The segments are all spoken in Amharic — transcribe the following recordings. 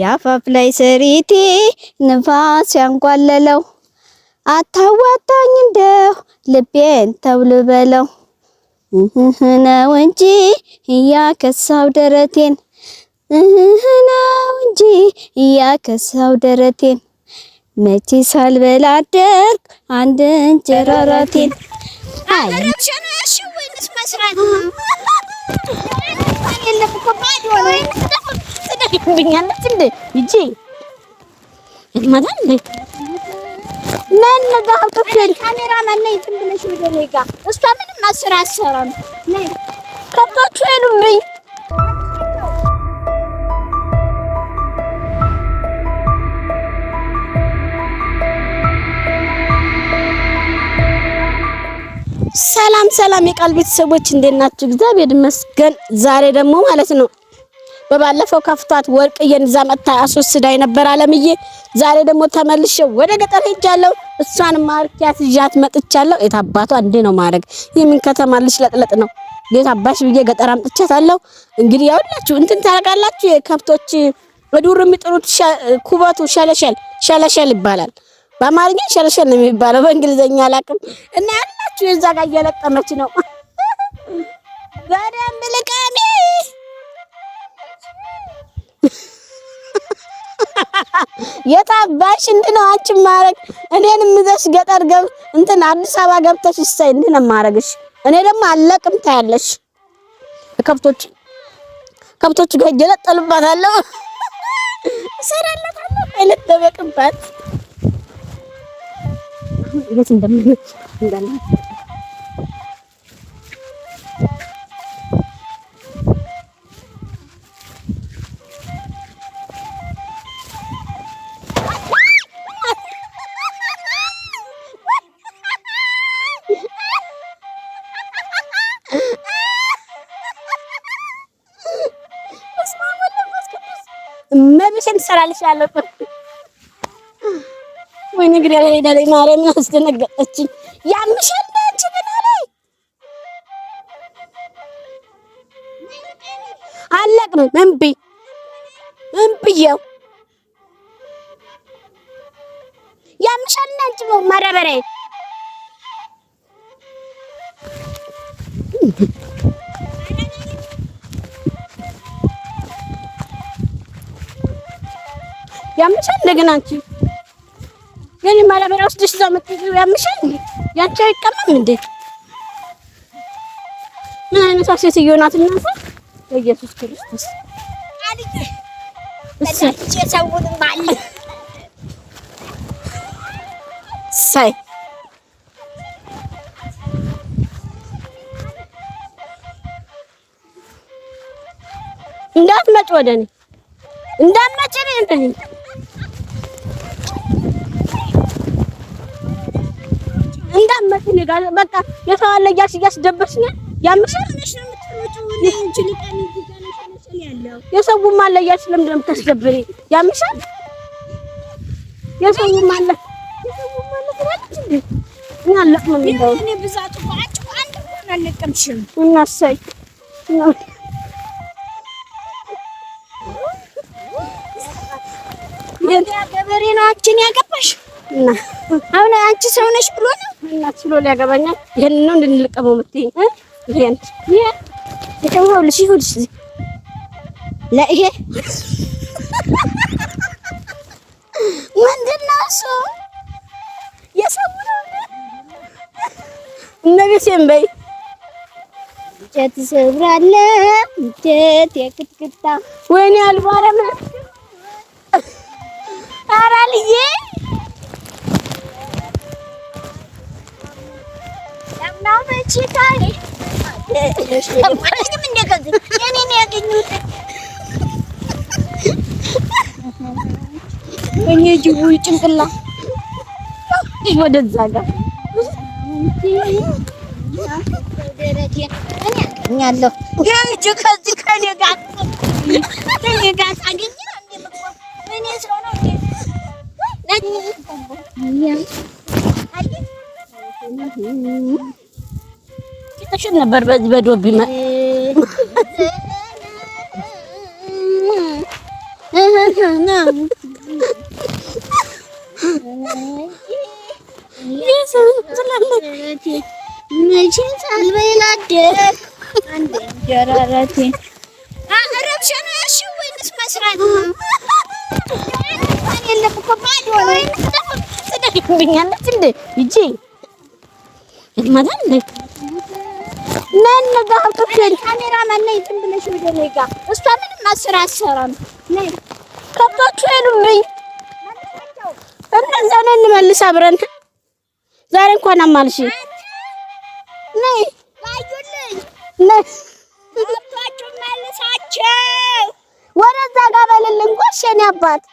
የአፋፍ ላይ ስሪቴ ንፋስ ያንጓለለው አታዋጣኝ እንደው ልቤን ተውል በለው እህነው እንጂ እያከሳው ደረቴን እህነው እንጂ እያከሳው ደረቴን መቼ ሳልበላ አደርግ አንድ እንጀራ ራቴን አይ ብኛለች እንዴ እጂ እንዴ ምን ጋር ካሜራማን ነይ፣ ዝም ብለሽ ወደ እኔ ጋር እሷ ምንም አስራ አሰራም። ከብቶቹ የሉብኝ ሰላም ሰላም፣ የቃል ቤተሰቦች እንዴት ናችሁ? እግዚአብሔር ይመስገን። ዛሬ ደግሞ ማለት ነው በባለፈው ከፍቷት ወርቅ እዛ መታ አስወስዳኝ ነበር አለምዬ። ዛሬ ደግሞ ተመልሼ ወደ ገጠር ሄጃለሁ። እሷን ማርኪያት ይዣት መጥቻለሁ። የታባቷ እንዴ ነው ማድረግ? ይህ ምን ከተማ ልሽለጥለጥ ነው? የታባሽ ብዬ ገጠር አምጥቻታለሁ። እንግዲህ ያውላችሁ እንትን ታረቃላችሁ። የከብቶች በዱር የሚጥሩት ኩበቱ ሸለሸል ሸለሸል ይባላል። በአማርኛ ሸለሸል ነው የሚባለው፣ በእንግሊዘኛ አላቅም። እና ያላችሁ የዛ ጋር እየለቀመች ነው በደንብ ልቀሜ የታባሽ እንድን ነው አንቺ ማረግ እኔን ምዘሽ ገጠር ገብ እንትን አዲስ አበባ ገብተሽ እሰይ እንድን ነው ማረግሽ። እኔ ደግሞ አለቅም ታያለሽ። ከብቶች ከብቶች ጋር እየለጠልባታለሁ፣ እሰራላታለሁ፣ አይለጠበቅባት የት እንደምን እንዳለ እመቤቴን ትሰራልሻለሁ። ወይኔ ግሬ ሄዳ ላይ ማርያም አስደነገጠችኝ። ያምሻል አንቺ ግን አለኝ አለቅም እምቢ እምብዬው ያምሻል አንቺ ማዳበሪያ ያምሻል። እንደገና አንቺ የኔ ማዳበሪያ ውስድሽ እዛ የምትይው ያምሻል እንዴ? ያንቺ አይቀመም እንዴ? ምን አይነቷ ሴትዮ ናት እናንተ? በኢየሱስ ክርስቶስ ሳይ እንዳትመጪ ወደ እኔ እንዳትመጪ ማለት እኔ ጋር በቃ የሰው አለ እያልሽ ያምሻል። ያምሻል። አለቅም እንደው እኔ አንድ ገበሬ ነው አንቺን ያገባሽ አሁን አንቺ ሰው ነሽ ብሎ ነው ምናት ችሎ ሊያገባኛል? ይሄን ነው እንድንልቀመው የምትይኝ? ይሄን ይሄ ለይሄ ምንድን ነው እሱ? የሰው እነቤሴም በይ እንጨት ሰብራለሁ እንጨት የክትክታ ወይኔ አልባረም ኧረ siapa gitu. ini? apa lagi yang meninggal sih? አብረሽን ነበር በዚህ በዶቢ መስራት ነን ጋ አውጥተን ካሜራ ማን ነኝ ዝም ብለሽ ወደ እኔ ጋ እሷ ምንም አስራ አሰራም ነይ ከብቶቹ የሉብኝ እነዛ ነን እንመልስ አብረን ዛሬ እንኳን አማልሽ ነይ ባዩልኝ ከብቶቹ መልሳቸው ወደዛ ጋ በልልን ጎሽ የኔ አባት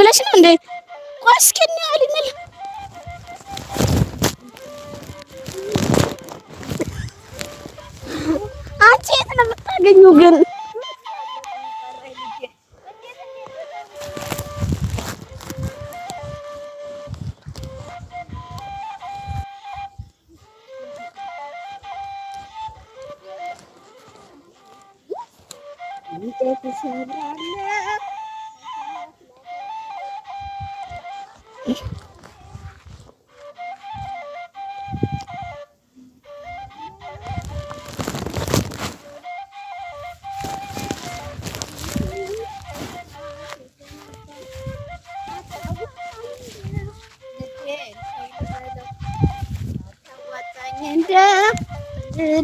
ብለሽ ነው እንዴ Ganyugan. Ini jadi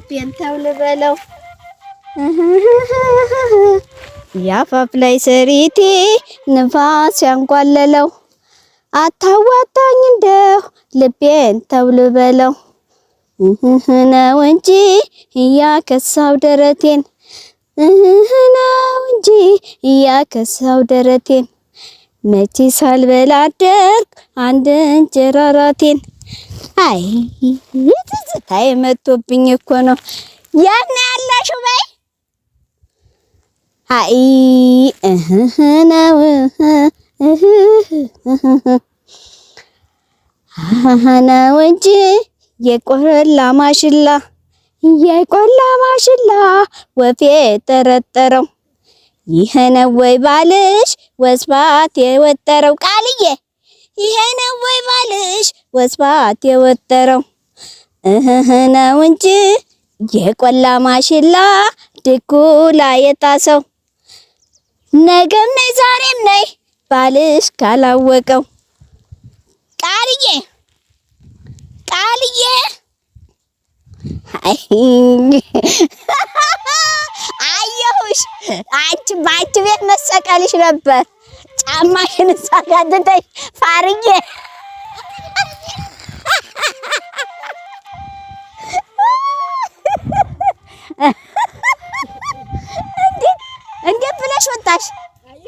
ልቤን ተውልበለው ያፋፍ ላይ ሰሪቴ ንፋስ ያንጓለለው አታዋጣኝ እንደው ልቤን ተውልበለው ነው እንጂ እያከሳው ደረቴን ነው እንጂ እያከሳው ደረቴን መቼ ሳልበላ አደርግ አንድ እንጀራ ራቴን አይ ትዝታይ መቶብኝ እኮ ነው ያን ያላሹ በይ አይ እህ ነው እህ ነው እንጂ የቆላ ማሽላ የቆላ ማሽላ ወፌ ጠረጠረው ይህ ነው ወይ ባልሽ ወስባት የወጠረው ቃልዬ ይሄ ነው ወይ ባልሽ ወስባት የወጠረው እህህ ነው እንጂ የቆላ ማሽላ ድኩላ የጣሰው ነገም ነይ ዛሬም ነይ ባልሽ ካላወቀው ቃልዬ ቃልዬ አየሁሽ። አንቺ ባንቺ ቤት መሰቀልሽ ነበር። ጫማሽን እሷ ጋር ትተሽ ፋርዬ እንዴት ብለሽ ወጣሽ? ናይ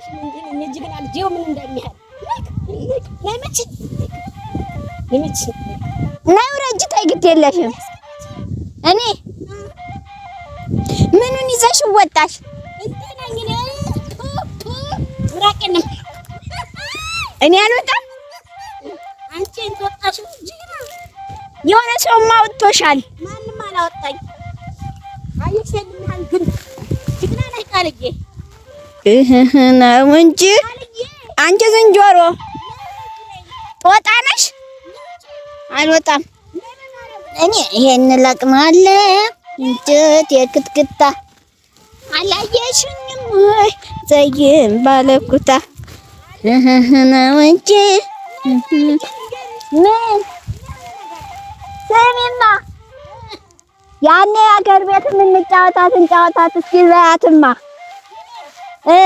ውረጅ፣ ተይ ግድ የለሽም። እኔ ምኑን ይዘሽ ወጣሽ? እኔ አልወጣም። አንቺ እንትወጣሽ እንጂ የሆነ ሰውማ ወጥቶሻል። ማንም አላወጣኝ። አይሸልምሃል ግን ላይ እህ ነው እንጂ አንቺ ዝንጀሮ ጦጣ ነሽ። አልወጣም እኔ ይሄን ለቅማለሁ። እንጨት የክትክታ አላየሽኝም ወይ ባለኩታ ነው እንጂ ምን ያኔ አገር ቤት የምንጫወታትን ጫወታት እስኪ በያትማ እ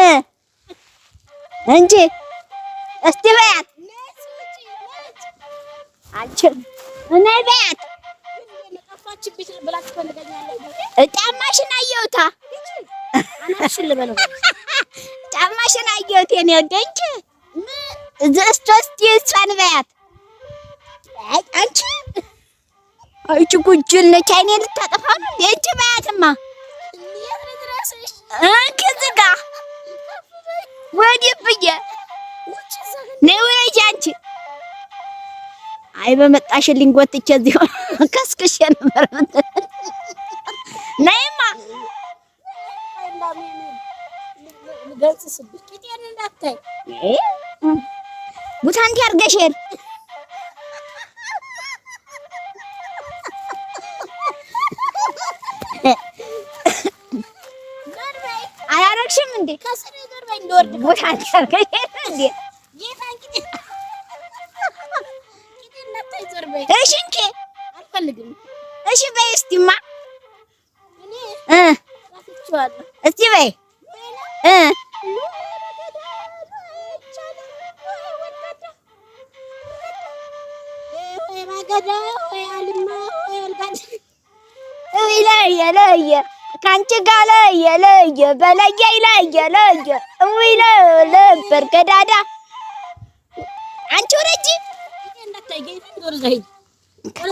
እንጂ እስቲ በያት እኔ በያት ጫማሽን አየሁታ ጫማሽን አየሁት የኔ ወደ እንጂ እስቲ እሷን በያት። አንቺ እቺ ጉጅል ነች፣ አይኔ ልታጠፋ ነው። የእንቺ በያትማ እንክዝ ጋ ወዲህ ብዬ ነይ ወዲህ አንቺ አይ በመጣሽልኝ ጎትቼ እዚሁ ከስክሼ ነበር። ነይማ ገጽ እንዳታይ বুঝান কি আর দেশের আর আরেক সে মন্দির বুঝান কি আর দেশের ለየ ለየ ከአንቺ ጋር ለየ ለየ በለየኝ ለየ ለየ እሙይ ነበር ገዳዳ አንቺ ወደ እጅ